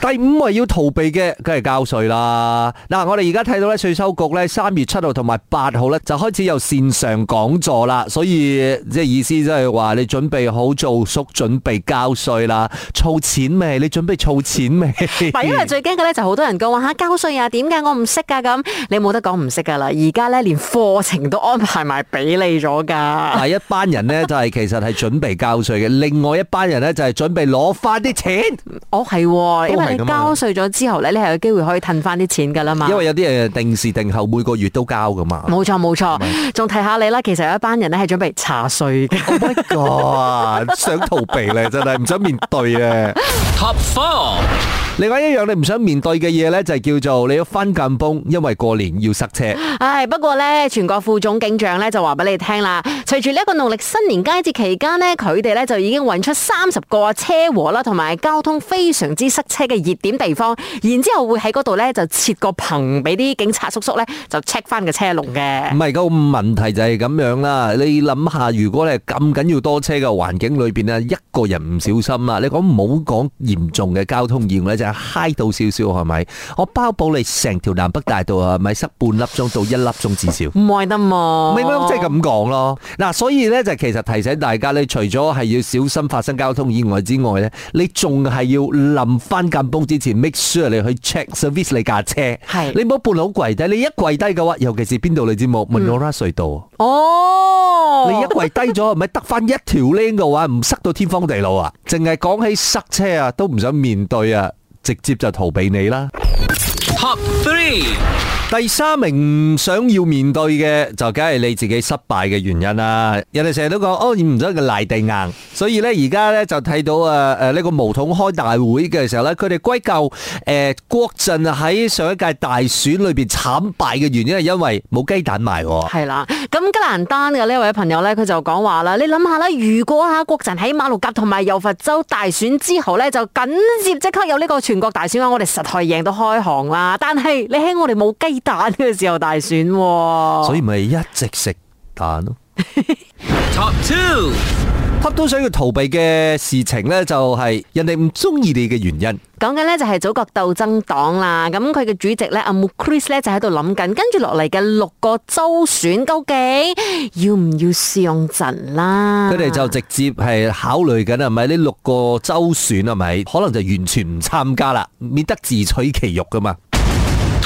第五位要逃避嘅，梗係交稅啦。嗱，我哋而家睇到咧，稅收局咧三月七號同埋八號咧就開始有綫上講座啦。所以即係意思即係話你準備好做宿準備交稅啦，儲錢未？你準備儲錢未？嗱， 因為最驚嘅咧就好多人講話吓交稅啊，點解、啊、我唔識噶咁？你冇得講唔識噶啦。而家咧連課程都安排埋俾你咗噶。係 一班人咧就係、是、其實係準備交稅嘅，另外一班人咧就係準備攞翻啲錢。 哦，係。你交稅咗之後咧，你係有機會可以褪翻啲錢噶啦嘛？因為有啲人定時定候每個月都交噶嘛，錯。冇錯冇錯，仲提下你啦。其實有一班人咧係準備查稅嘅。唔該，想逃避咧，真係唔 想面對咧。Top 4另外一樣你唔想面對嘅嘢咧，就係叫做你要翻緊風，因為過年要塞車。唉，不過咧，全國副總警長咧就話俾你聽啦，隨住呢一個農曆新年佳節期間咧，佢哋咧就已經揾出三十個車禍啦，同埋交通非常之塞車嘅熱點地方，然之後會喺嗰度咧就設個棚俾啲警察叔叔咧就 check 翻個車龍嘅。唔係個問題就係咁樣啦。你諗下，如果係咁緊要多車嘅環境裏邊啊，一個人唔小心啊，你講唔好講嚴重嘅交通意外啫？嗨到少少係咪？我包保你成條南北大道啊，咪塞半粒鐘到一粒鐘至少，唔係得嘛？咪咪，即係咁講咯。嗱，所以咧就其實提醒大家咧，除咗係要小心發生交通意外之外咧，你仲係要臨翻 kampung 之前，make sure 你去 check service 你架車。係你唔好半路跪低，你一跪低嘅話，尤其是邊度你知冇？Menora 隧道哦，你一跪低咗咪得翻一條 link 嘅話，唔塞到天荒地老啊！淨係講起塞車啊，都唔想面對啊！直接就逃避你啦。Top three，第三名想要面對嘅就梗係你自己失敗嘅原因啦。人哋成日都講哦，染唔得個賴地硬，所以咧而家，咧就睇到啊誒，呢個巫統開大會嘅時候咧，佢哋歸咎誒國陣喺上一屆大選裏邊慘敗嘅原因係因為冇雞蛋賣。啊，係啦，咁吉蘭丹嘅呢位朋友咧，佢就講話啦，你諗下啦，如果啊國陣喺馬六甲同埋柔佛州大選之後咧，就緊接即刻有呢個全國大選咧，我哋實係贏到開行啦。但係你喺我哋冇雞蛋嘅時候大選、啊，所以咪一直食蛋咯、啊。 Top two，top 都想要逃避嘅事情呢，就係人哋唔中意你嘅原因。講緊呢，就係祖國鬥爭黨啦，咁佢嘅主席呢，阿穆克里斯咧就喺度諗緊，跟住落嚟嘅六個州選究竟要唔要上陣啦？佢哋就直接係考慮緊啊，係咪呢六個州選啊，係咪可能就完全唔參加啦，免得自取其辱噶嘛。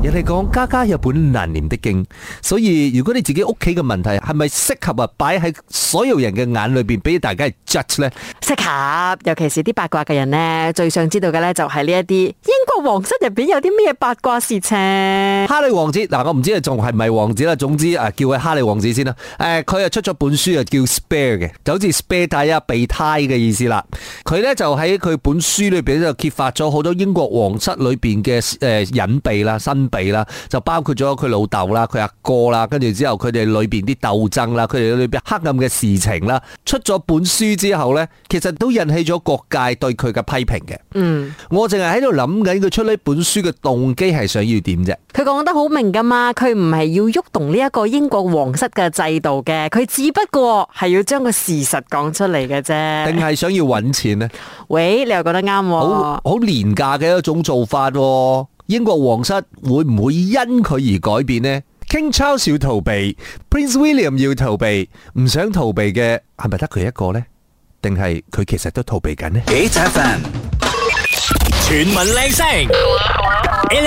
人哋講家家有本難念的經，所以如果你自己屋企嘅問題係咪適合啊擺喺所有人嘅眼裏邊俾大家係 judge 咧？適合，尤其是啲八卦嘅人呢，最想知道嘅呢就係呢一啲英國皇室入邊有啲咩八卦事情。哈利王子嗱，我唔知仲係咪王子啦，總之啊叫佢哈利王子先啦。誒、呃，佢啊出咗本書啊叫 spare 嘅，就好似 spare 胎啊備胎嘅意思啦。佢呢就喺佢本書裏邊就揭發咗好多英國皇室裏邊嘅誒隱秘啦、身。備啦，就包括咗佢老豆啦、佢阿哥啦，跟住之後佢哋裏邊啲鬥爭啦，佢哋裏邊黑暗嘅事情啦，出咗本書之後呢，其實都引起咗各界對佢嘅批評嘅。嗯，我淨係喺度諗緊佢出呢本書嘅動機係想要點啫。佢講得好明噶嘛，佢唔係要喐動呢一個英國皇室嘅制度嘅，佢只不過係要將個事實講出嚟嘅啫。定係想要揾錢呢？喂，你又覺得啱喎，好好廉價嘅一種做法喎。英國皇室會唔會因佢而改變呢？King Charles 要逃避，Prince William 要逃避，唔想逃避嘅係咪得佢一個呢？定係佢其實都逃避緊呢？幾慘！A 全民靚聲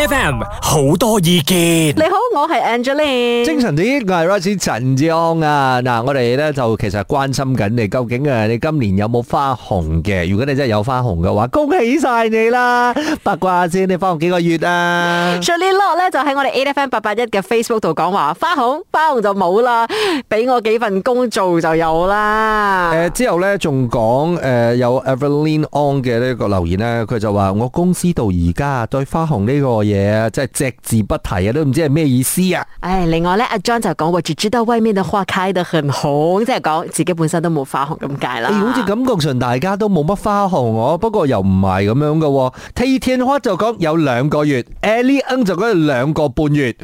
，FM 好多意見。你好，我係 Angeline。精神啲，我係 Razi 陳志安啊。嗱，我哋咧就其實關心緊你究竟啊，你今年有冇花紅嘅？如果你真係有花紅嘅話，恭喜晒你啦！八卦先，你花紅幾個月啊？Shirley Law 咧就喺我哋 AFM 八八一嘅 Facebook 度講話花紅，花紅就冇啦，俾我幾份工做就有啦。誒，之後咧仲講誒有 Evelyn On 嘅呢個留言咧，佢就話我。公司到而家對花紅呢個嘢，真係隻字不提啊，都唔知係咩意思啊！唉、哎，另外呢，阿 John 就講話只知道外面的花開得很好，即係講自己本身都冇花紅咁解啦。好似、哎、感覺上大家都冇乜花紅哦、啊，不過又唔係咁樣嘅、啊。Tianhua 就講有兩個月，Ellen 就講兩個半月，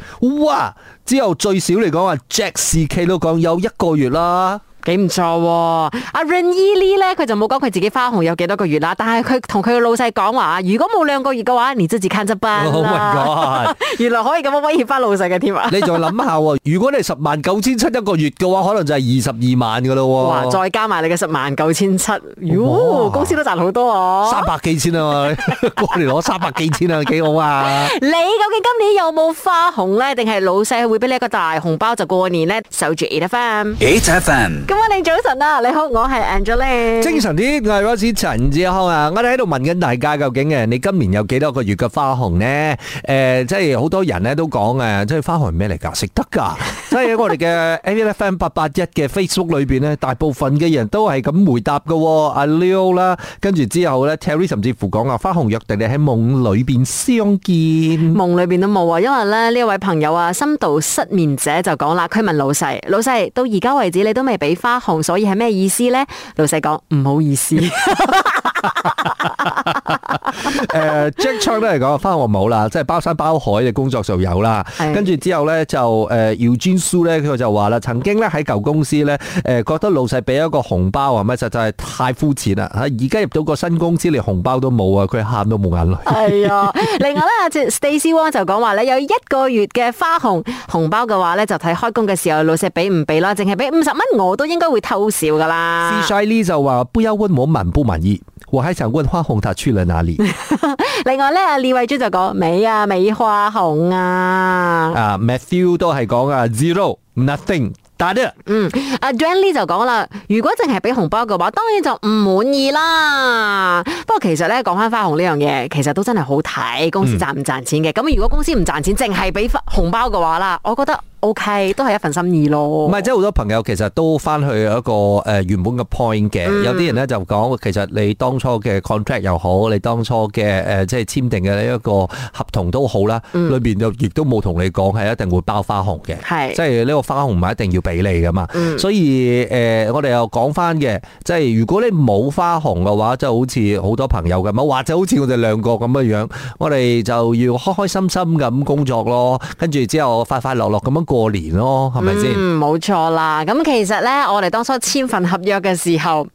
哇！之後最少嚟講話 Jack Sk 都講有一個月啦。幾唔錯喎，阿 Ren 伊呢？呢佢就冇講佢自己花紅有幾多個月啦，但係佢同佢嘅老細講話啊，如果冇兩個月嘅話，你都只 can 則崩啦。原來可以咁樣威脅翻老細嘅添啊！ 你再諗下喎，如果你十萬九千七一個月嘅話，可能就係二十二萬噶咯。哇！再加埋你嘅十萬九千七，喲，oh, wow. 公司都賺好多哦、啊，三百幾千啊！過年攞三百幾千啊，幾好啊！你究竟今年有冇花紅呢？定係老細會俾你一個大紅包就過年呢？守住 H F M H F M。咁啊，你早晨啊，你好，我係 Angela。精神啲，我係老師陳志康啊，我哋喺度問緊大家，究竟嘅你今年有幾多個月嘅花紅呢？誒、呃，即係好多人咧都講誒，即係花紅係咩嚟噶？食得噶？即係 我哋嘅 F M 八八一嘅 Facebook 裏邊呢，大部分嘅人都係咁回答噶。阿 Leo 啦，跟住之後咧，Terry 甚至乎講啊，花紅約定你喺夢裏邊相見，夢裏邊都冇。啊，因為咧呢一位朋友啊，深度失眠者就講啦，佢問老細，老細到而家為止你都未俾。花紅，所以係咩意思呢？老細講，唔好意思。 誒、 uh,，Jack Chong 都係講翻我冇啦，即係包山包海嘅工作就有啦。是的 跟住之後咧就誒，姚尊書咧佢就話啦，曾經咧喺舊公司咧，誒覺得老細俾一個紅包啊咩，實在係太膚淺啦。吓，而家入到個新公司連紅包都冇啊，佢喊都冇眼淚。係啊，另外咧，Stacey Wong 就講話咧，有一個月嘅花紅紅包嘅話咧，就睇開工嘅時候老細俾唔俾啦。淨係俾五十蚊，我都應該會偷笑噶啦。就話不憂問我滿不滿意。我還想問花紅，他去了哪裏？ 另外咧，阿李慧珠就講美啊美花紅啊，啊、uh, Matthew 都係講啊 zero nothing 打啲，嗯，阿、啊、Jenny 就講啦，如果淨係俾紅包嘅話，當然就唔滿意啦。不過其實咧，講翻花紅呢樣嘢，其實都真係好睇，公司賺唔賺錢嘅。咁、嗯、如果公司唔賺錢，淨係俾紅包嘅話啦，我覺得。O、okay, K，都係一份心意咯。唔係，即係好多朋友其實都翻去一個誒原本嘅 point 嘅。有啲人咧就講，其實你當初嘅 contract 又好，你當初嘅誒即係簽訂嘅呢一個合同都好啦，裏邊就亦都冇同你講係一定會包花紅嘅。係是，即係呢個花紅唔係一定要俾你噶嘛。嗯、所以誒、呃，我哋又講翻嘅，即係如果你冇花紅嘅話，即係好似好多朋友嘅，冇或者好似我哋兩個咁嘅樣，我哋就要開開心心咁工作咯。跟住之後快快樂樂咁樣。過年咯，係咪先？嗯，冇錯啦。咁其實呢，我哋當初簽份合約嘅時候，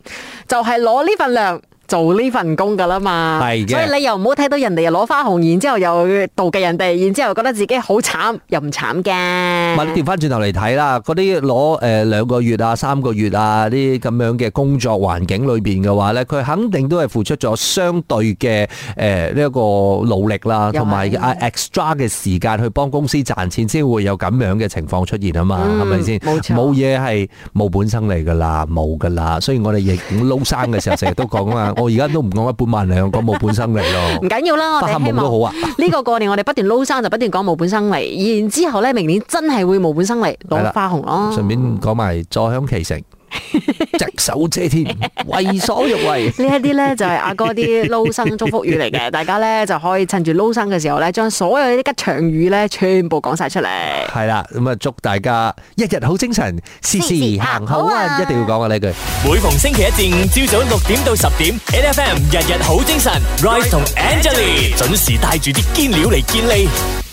就係攞呢份糧。做呢份工噶啦嘛，是的 所以你又唔好睇到人哋又攞花紅，然之後又妒忌人哋，然之後覺得自己好慘又唔慘嘅。咪調翻轉頭嚟睇啦，嗰啲攞誒兩個月啊、三個月啊啲咁樣嘅工作環境裏邊嘅話咧，佢肯定都係付出咗相對嘅誒呢一個努力啦，同埋 extra 嘅時間去幫公司賺錢，先會有咁樣嘅情況出現啊嘛，係咪先？冇嘢係冇本生嚟噶啦，冇噶啦。所以我哋亦撈生嘅時候，成日常常都講啊。 我而家都唔講一半萬兩，講冇本生嚟咯。唔緊 要啦，發夢都好啊呢個過年我哋不斷撈生，就不斷講冇本生嚟。 然之後咧，明年真係會冇本生嚟，攞花紅咯。順 便講埋坐享其成。隻 手遮天，為所欲為。呢一啲咧就係阿哥啲撈生祝福語嚟嘅， 大家咧就可以趁住撈生嘅時候咧，將所有啲吉祥語咧全部講晒出嚟。係啦，咁啊祝大家一日好精神，時時行好啊！好啊，一定要講啊呢句。每逢星期一至五朝早六點到十點，N F M 日日好精神，Rise 同 Angelie 準時帶住啲堅料嚟建立。